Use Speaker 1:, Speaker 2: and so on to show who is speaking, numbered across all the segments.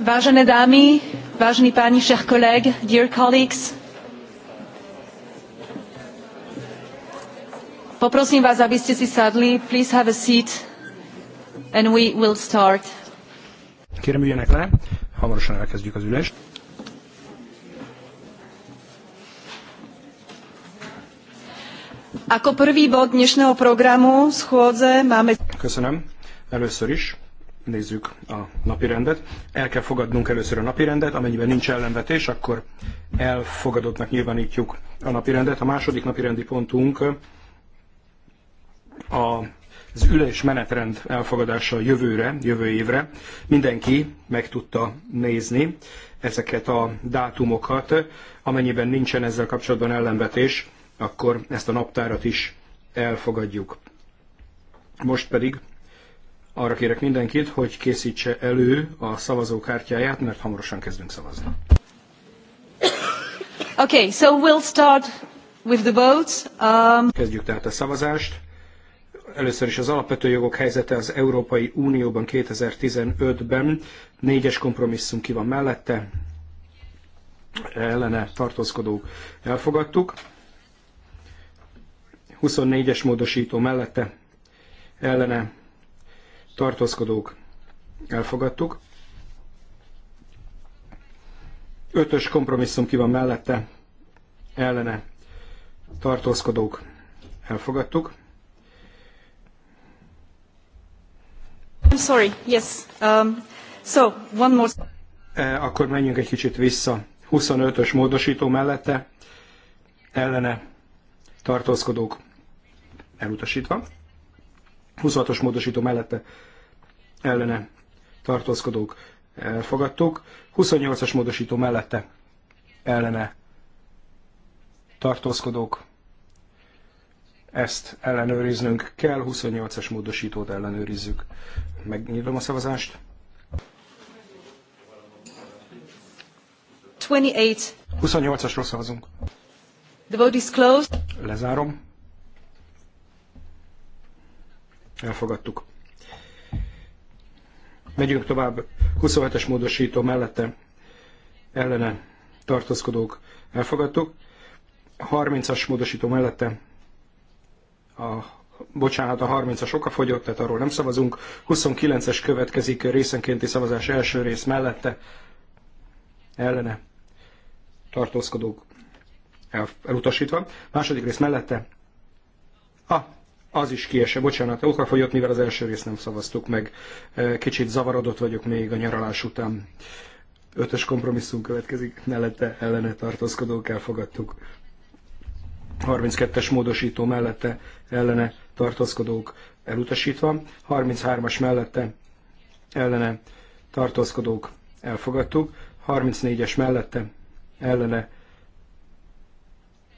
Speaker 1: Vážené dámy, vážení páni, všech koleg, dear colleagues, poprosím vás, abyste si sadli. Please have a seat and we will start. Kérem, üljenek le. Hamarosan elkezdjük az ülést. Ako prvý bod dnešného programu schôdze máme... Köszönöm. Először is nézzük a napirendet. El kell fogadnunk először a napirendet, amennyiben nincs ellenvetés, akkor elfogadottnak nyilvánítjuk a napirendet. A második napirendi pontunk a az ülés menetrend elfogadása jövőre, jövő évre. Mindenki meg tudta nézni ezeket a dátumokat. Amennyiben nincsen ezzel kapcsolatban ellenvetés, akkor ezt a naptárat is elfogadjuk. Most pedig arra kérek mindenkit, hogy készítse elő a szavazókártyáját, mert hamarosan kezdünk szavazni.
Speaker 2: Okay, so we'll start with the votes.
Speaker 1: Um... Kezdjük tehát a szavazást. Először is az alapvető jogok helyzete az Európai Unióban 2015-ben. Négyes kompromisszum ki van mellette. Ellene tartózkodók elfogadtuk. 24-es módosító mellette ellene tartózkodók elfogadtuk. Ötös kompromisszum ki van mellette, ellene tartózkodók elfogadtuk.
Speaker 2: I'm sorry, yes. Um, so, one
Speaker 1: more... E, akkor menjünk egy kicsit vissza. 25-ös módosító mellette ellene tartózkodók elutasítva. 26-os módosító mellette ellene tartózkodók elfogadtuk, 28-as módosító mellette ellene tartózkodók ezt ellenőriznünk kell, 28-as módosítót ellenőrizzük. Megnyitom a szavazást. 28. 28-asról szavazunk. The vote is closed. Lezárom. Elfogadtuk. Megyünk tovább. 27-es módosító mellette ellene tartózkodók elfogadtuk. 30-as módosító mellette a bocsánat, a 30-as oka fogyott, tehát arról nem szavazunk. 29-es következik részenkénti szavazás első rész mellette ellene tartózkodók el, elutasítva. Második rész mellette. Ah, az is kiesett, bocsánat, fogyott, mivel az első részt nem szavaztuk meg. E, kicsit zavarodott vagyok még a nyaralás után. Ötös kompromisszum következik, mellette ellene tartózkodók elfogadtuk. 32-es módosító mellette ellene tartózkodók elutasítva, 33-as mellette ellene tartózkodók elfogadtuk, 34-es mellette ellene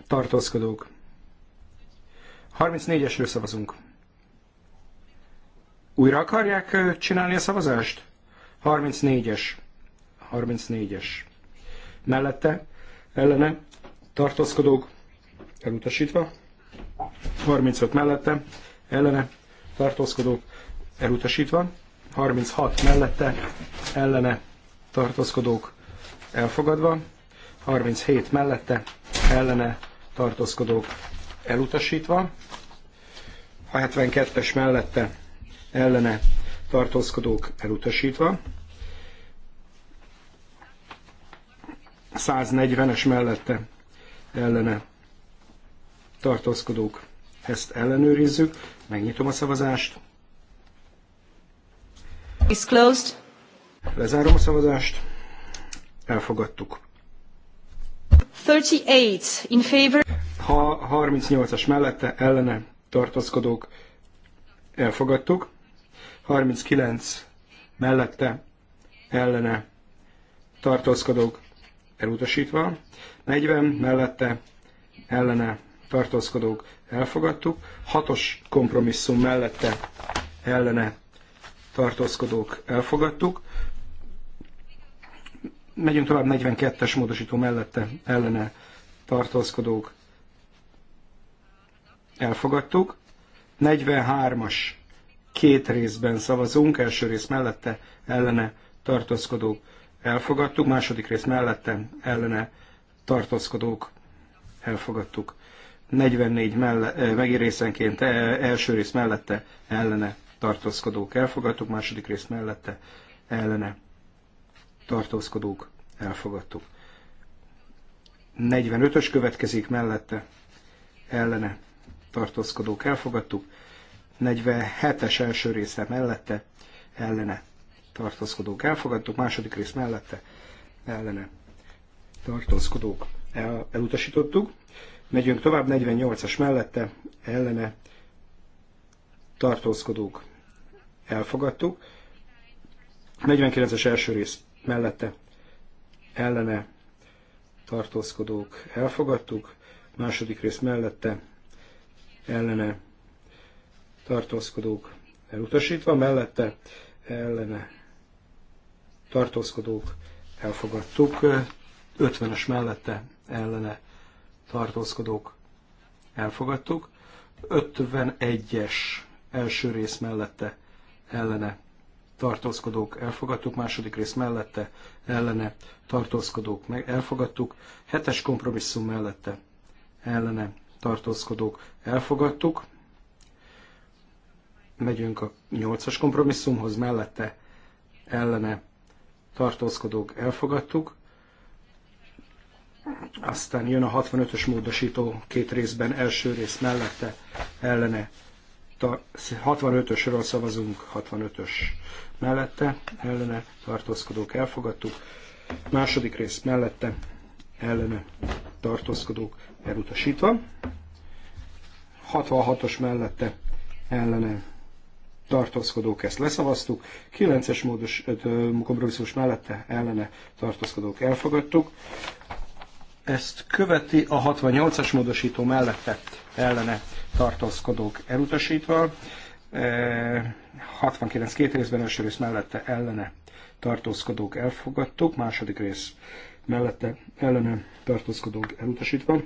Speaker 1: tartózkodók 34-esről szavazunk. Újra akarják csinálni a szavazást? 34-es. 34-es. Mellette, ellene, tartózkodók, elutasítva. 35 mellette, ellene, tartózkodók, elutasítva. 36 mellette, ellene, tartózkodók, elfogadva. 37 mellette, ellene, tartózkodók, elutasítva, 72-es mellette ellene tartózkodók elutasítva, 140-es mellette ellene tartózkodók. Ezt ellenőrizzük, megnyitom a szavazást. It's closed. Lezárom a szavazást. Elfogadtuk. 38 in favor. Ha 38-as mellette ellene tartózkodók elfogadtuk, 39 mellette ellene tartózkodók elutasítva, 40 mellette ellene tartózkodók elfogadtuk, 6-os kompromisszum mellette ellene tartózkodók elfogadtuk, megyünk tovább 42-es módosító mellette ellene tartózkodók elfogadtuk. 43-as két részben szavazunk, első rész mellette ellene tartózkodók elfogadtuk, második rész mellette ellene tartózkodók elfogadtuk. 44 melle, eh, megint részenként eh, első rész mellette ellene tartózkodók elfogadtuk, második rész mellette ellene tartózkodók elfogadtuk. 45-ös következik mellette ellene tartózkodók elfogadtuk, 47-es első része mellette, ellene tartózkodók elfogadtuk, második rész mellette, ellene tartózkodók el, elutasítottuk. Megyünk tovább, 48-as mellette, ellene tartózkodók elfogadtuk. 49-es első rész mellette, ellene tartózkodók elfogadtuk, második rész mellette ellene tartózkodók elutasítva, mellette ellene tartózkodók elfogadtuk, 50-es mellette ellene tartózkodók elfogadtuk, 51-es első rész mellette ellene tartózkodók elfogadtuk, második rész mellette ellene tartózkodók meg elfogadtuk, hetes kompromisszum mellette ellene tartózkodók elfogadtuk. Megyünk a nyolcas kompromisszumhoz, mellette ellene tartózkodók elfogadtuk. Aztán jön a 65-ös módosító két részben, első rész mellette ellene 65-ösről szavazunk, 65-ös mellette, ellene tartózkodók elfogadtuk. Második rész mellette, ellene tartózkodók elutasítva. 66-os mellette ellene tartózkodók, ezt leszavaztuk. 9-es módos kompromisszumos mellette ellene tartózkodók elfogadtuk. Ezt követi a 68-as módosító mellette ellene tartózkodók elutasítva. 69 e, két részben első rész mellette ellene tartózkodók elfogadtuk, második rész mellette ellene tartózkodók elutasítva,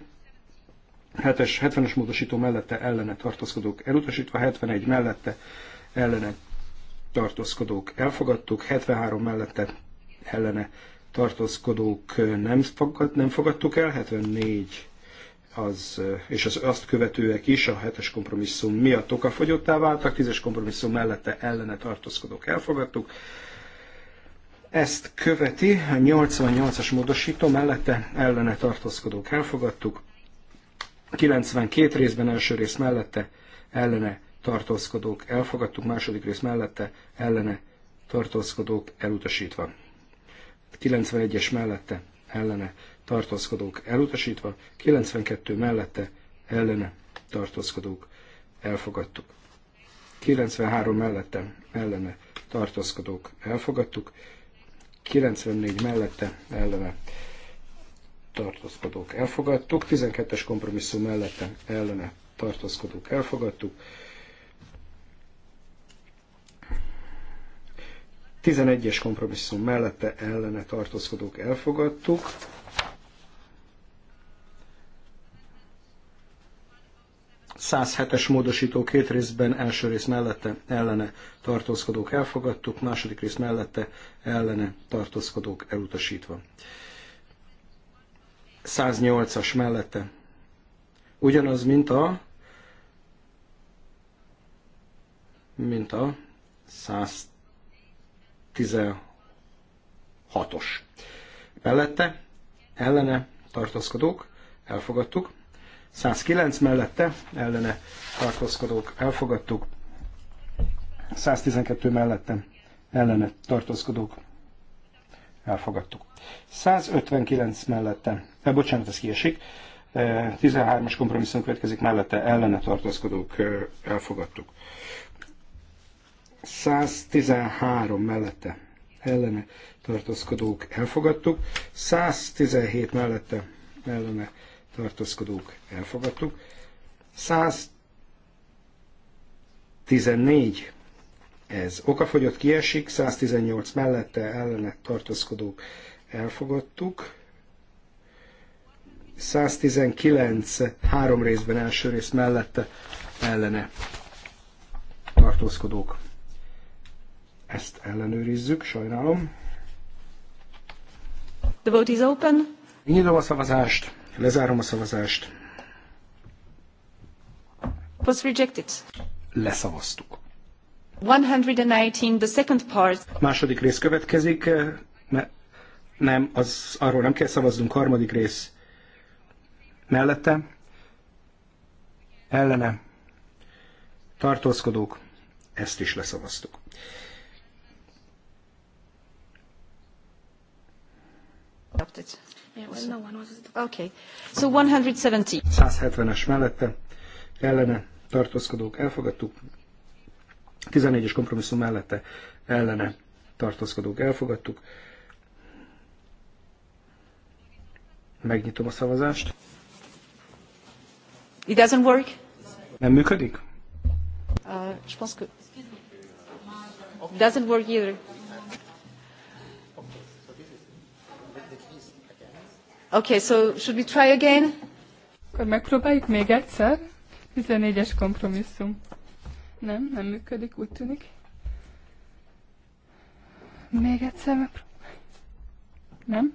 Speaker 1: 7-es, 70-es módosító mellette ellene tartózkodók elutasítva, 71 mellette ellene tartózkodók elfogadtuk, 73 mellette ellene tartózkodók nem, fogad, nem fogadtuk el, 74 az, és az azt követőek is a hetes kompromisszum miatt okafogyottá váltak, 10-es kompromisszum mellette ellene tartózkodók elfogadtuk, ezt követi a 88-as módosító mellette ellene tartózkodók elfogadtuk, 92 részben első rész mellette ellene tartózkodók elfogadtuk, második rész mellette ellene tartózkodók elutasítva. 91-es mellette ellene tartózkodók elutasítva, 92 mellette ellene tartózkodók elfogadtuk. 93 mellette ellene tartózkodók elfogadtuk, 94 mellette ellene tartózkodók elfogadtuk, 12-es kompromisszum mellette ellene tartózkodók elfogadtuk, 11-es kompromisszum mellette ellene tartózkodók elfogadtuk, 107-es módosító két részben, első rész mellette ellene tartózkodók elfogadtuk, második rész mellette ellene tartózkodók elutasítva. 108-as mellette. Ugyanaz, mint a mint a 116-os. Mellette ellene tartózkodók elfogadtuk. 109 mellette ellene tartózkodók elfogadtuk, 112 mellette ellene tartózkodók elfogadtuk. 159 mellette, eh, bocsánat, ez kiesik, 13-as eh, kompromisszum következik mellette, ellene tartózkodók eh, elfogadtuk. 113 mellette ellene tartózkodók elfogadtuk, 117 mellette ellene tartózkodók elfogadtuk. 114 ez okafogyott kiesik, 118 mellette ellene tartózkodók elfogadtuk. 119 három részben első rész mellette ellene tartózkodók. Ezt ellenőrizzük, sajnálom.
Speaker 2: The vote is open.
Speaker 1: Nyitom a szavazást. Lezárom a szavazást.
Speaker 2: Was rejected.
Speaker 1: Leszavaztuk.
Speaker 2: 119, the second part.
Speaker 1: Második rész következik. Ne, nem, az, arról nem kell szavaznunk. Harmadik rész mellette. Ellene. Tartózkodók. Ezt is leszavaztuk. Adopted. Okay. So 170. 170-es mellette ellene tartózkodók elfogadtuk. 14-es kompromisszum mellette ellene tartózkodók elfogadtuk. Megnyitom a szavazást. It doesn't work. Nem működik? Uh, je pense que...
Speaker 2: Doesn't work either. Okay, so should we try again? Akkor megpróbáljuk még egyszer. 14-es kompromisszum. Nem, nem működik, úgy tűnik. Még egyszer megpróbáljuk. Nem?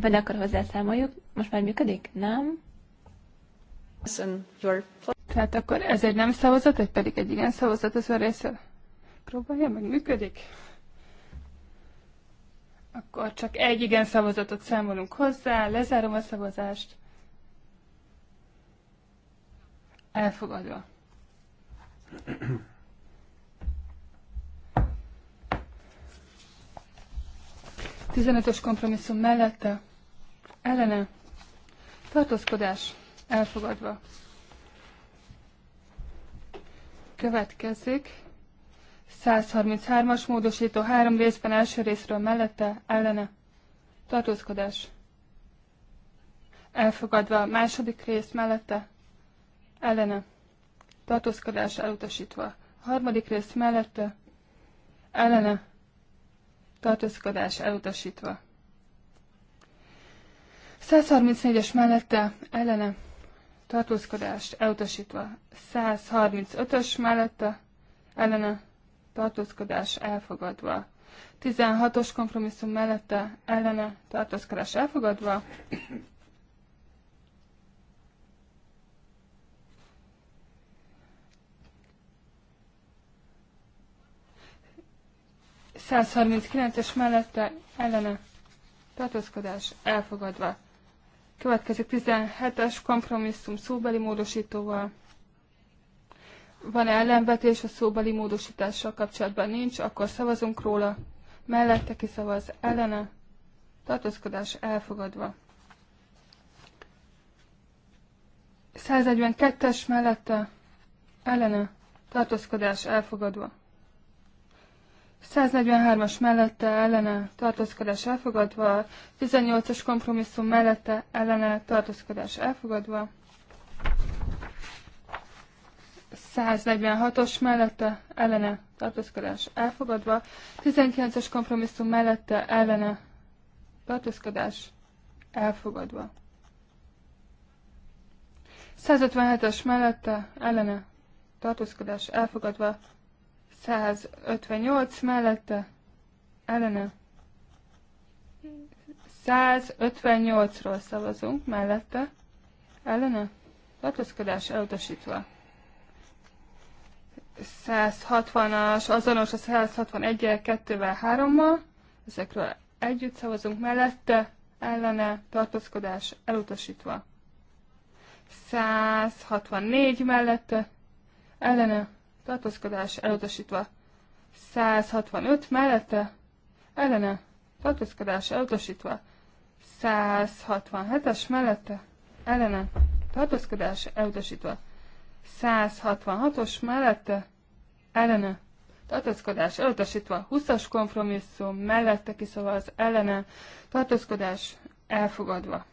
Speaker 2: Vagy akkor hozzászámoljuk. Most már működik? Nem? Tehát akkor ez egy nem szavazat, vagy pedig egy igen szavazat az a része? Próbálja meg, működik? Akkor csak egy igen szavazatot számolunk hozzá, lezárom a szavazást. Elfogadva. Tizenötös kompromisszum mellette, ellene, tartózkodás, elfogadva. Következik 133-as módosító három részben első részről mellette, ellene. Tartózkodás. Elfogadva a második rész mellette, ellene. Tartózkodás elutasítva. A harmadik rész mellette, ellene. Tartózkodás elutasítva. 134-es mellette, ellene. Tartózkodást elutasítva. 135-ös mellette, ellene tartózkodás elfogadva. 16-os kompromisszum mellette ellene tartózkodás elfogadva. es mellette ellene tartózkodás elfogadva. Következik 17-es kompromisszum szóbeli módosítóval van ellenvetés a szóbeli módosítással kapcsolatban nincs, akkor szavazunk róla. Mellette ki szavaz ellene. Tartózkodás elfogadva. 142-es mellette ellene. Tartózkodás elfogadva. 143-as mellette ellene tartózkodás elfogadva, 18-as kompromisszum mellette ellene tartózkodás elfogadva, 146-os mellette ellene tartózkodás elfogadva, 19-es kompromisszum mellette ellene tartózkodás elfogadva. 157-es mellette ellene tartózkodás elfogadva, 158 mellette ellene 158-ról szavazunk mellette ellene tartózkodás elutasítva. 160-as, azonos a 161-el, 2-vel, 3-mal, ezekről együtt szavazunk mellette, ellene, tartózkodás elutasítva. 164 mellette, ellene, tartózkodás elutasítva. 165 mellette, ellene, tartózkodás elutasítva. 167-es mellette, ellene, tartózkodás elutasítva. 166-os mellette ellene tartózkodás elutasítva, 20-as kompromisszum mellette az ellene tartózkodás elfogadva.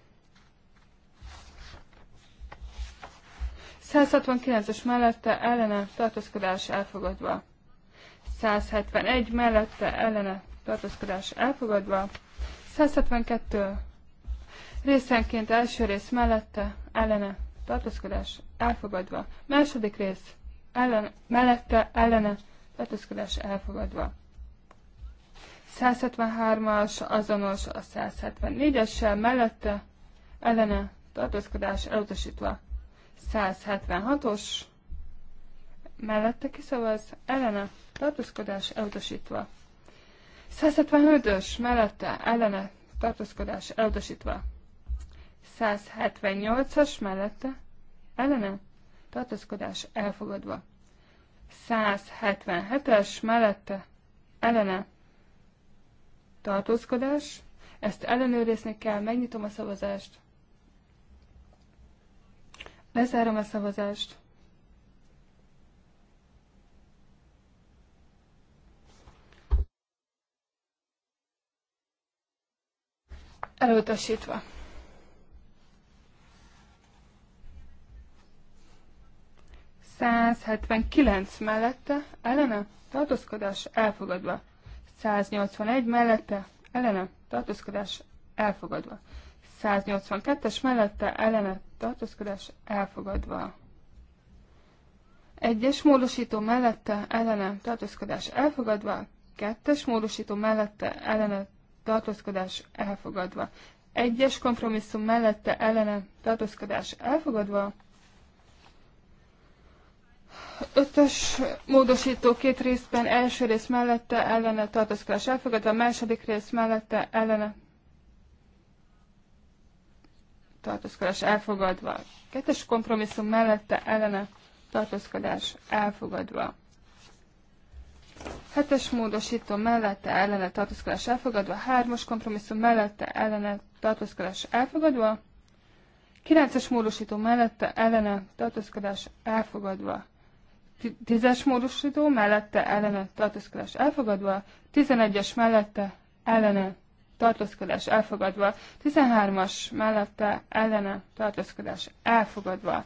Speaker 2: 169-es mellette ellene tartózkodás elfogadva. 171 mellette ellene tartózkodás elfogadva. 172 részenként első rész mellette ellene tartózkodás elfogadva. Második rész ellen, mellette ellene tartózkodás elfogadva. 173-as azonos a 174-essel mellette ellene tartózkodás elutasítva. 176-os mellette kiszavaz ellene tartózkodás elutasítva. 175-ös mellette ellene tartózkodás elutasítva. 178-as mellette ellene tartózkodás elfogadva. 177-es mellette ellene tartózkodás. Ezt ellenőrizni kell, megnyitom a szavazást. Lezárom a szavazást. Elutasítva. 179 mellette, ellene, tartózkodás elfogadva. 181 mellette, ellene, tartózkodás elfogadva. 182-es mellette, ellene, tartózkodás elfogadva. Egyes módosító mellette, ellene, tartózkodás elfogadva. Kettes módosító mellette, ellene, tartózkodás elfogadva. Egyes kompromisszum mellette, ellene, tartózkodás elfogadva Ötös módosító két részben, első rész mellette ellene tartozkodás elfogadva, a második rész mellette ellene tartozkodás elfogadva. Kettes kompromisszum mellette ellene tartozkodás elfogadva. Hetes módosító mellette ellene tartozkodás elfogadva, hármas kompromisszum mellette ellene tartozkodás elfogadva, kilences módosító mellette ellene tartozkodás elfogadva, Tízes módosító mellette ellene tartózkodás elfogadva, 11-es mellette ellene tartózkodás elfogadva, 13-as mellette ellene tartózkodás elfogadva.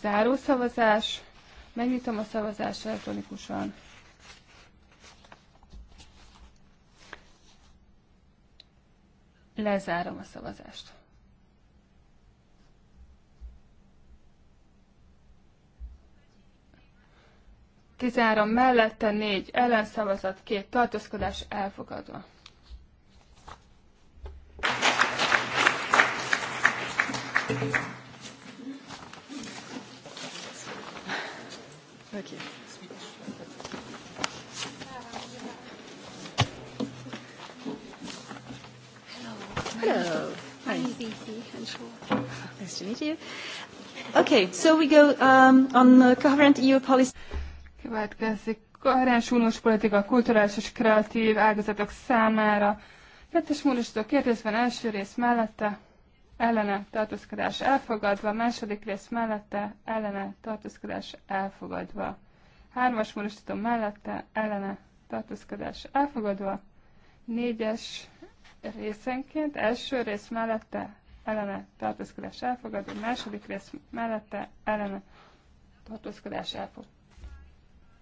Speaker 2: Záró szavazás, megnyitom a szavazást elektronikusan. Lezárom a szavazást. 13 mellette, 4 ellenszavazat, 2 tartózkodás elfogadva. Okay. Hello. I'm Vivi and Shaw. Nice to meet you. Okay, so we go um,
Speaker 1: on the coherent
Speaker 2: EU policy. Következik koherens uniós politika kulturális és kreatív ágazatok számára. Kettes módosító kérdésben első rész mellette ellene tartózkodás elfogadva, második rész mellette ellene tartózkodás elfogadva. Hármas módosító mellette ellene tartózkodás elfogadva, négyes részenként, első rész mellette ellene tartózkodás elfogadva, második rész mellette ellene tartózkodás elfogadva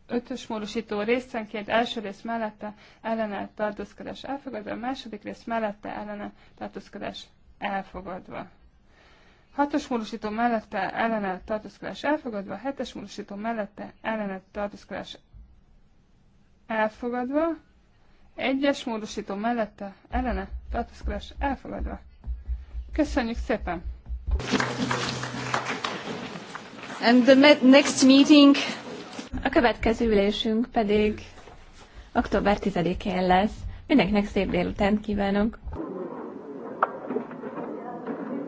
Speaker 2: ötös módosító részenként első rész mellette ellene tartózkodás elfogadva, a második rész mellette ellene tartózkodás elfogadva. Hatos módosító mellette ellene tartózkodás elfogadva, hetes módosító mellette ellene tartózkodás elfogadva, egyes módosító mellette ellene tartózkodás elfogadva. Köszönjük szépen! And the next meeting a következő ülésünk pedig október 10-én lesz. Mindenkinek szép délután kívánok!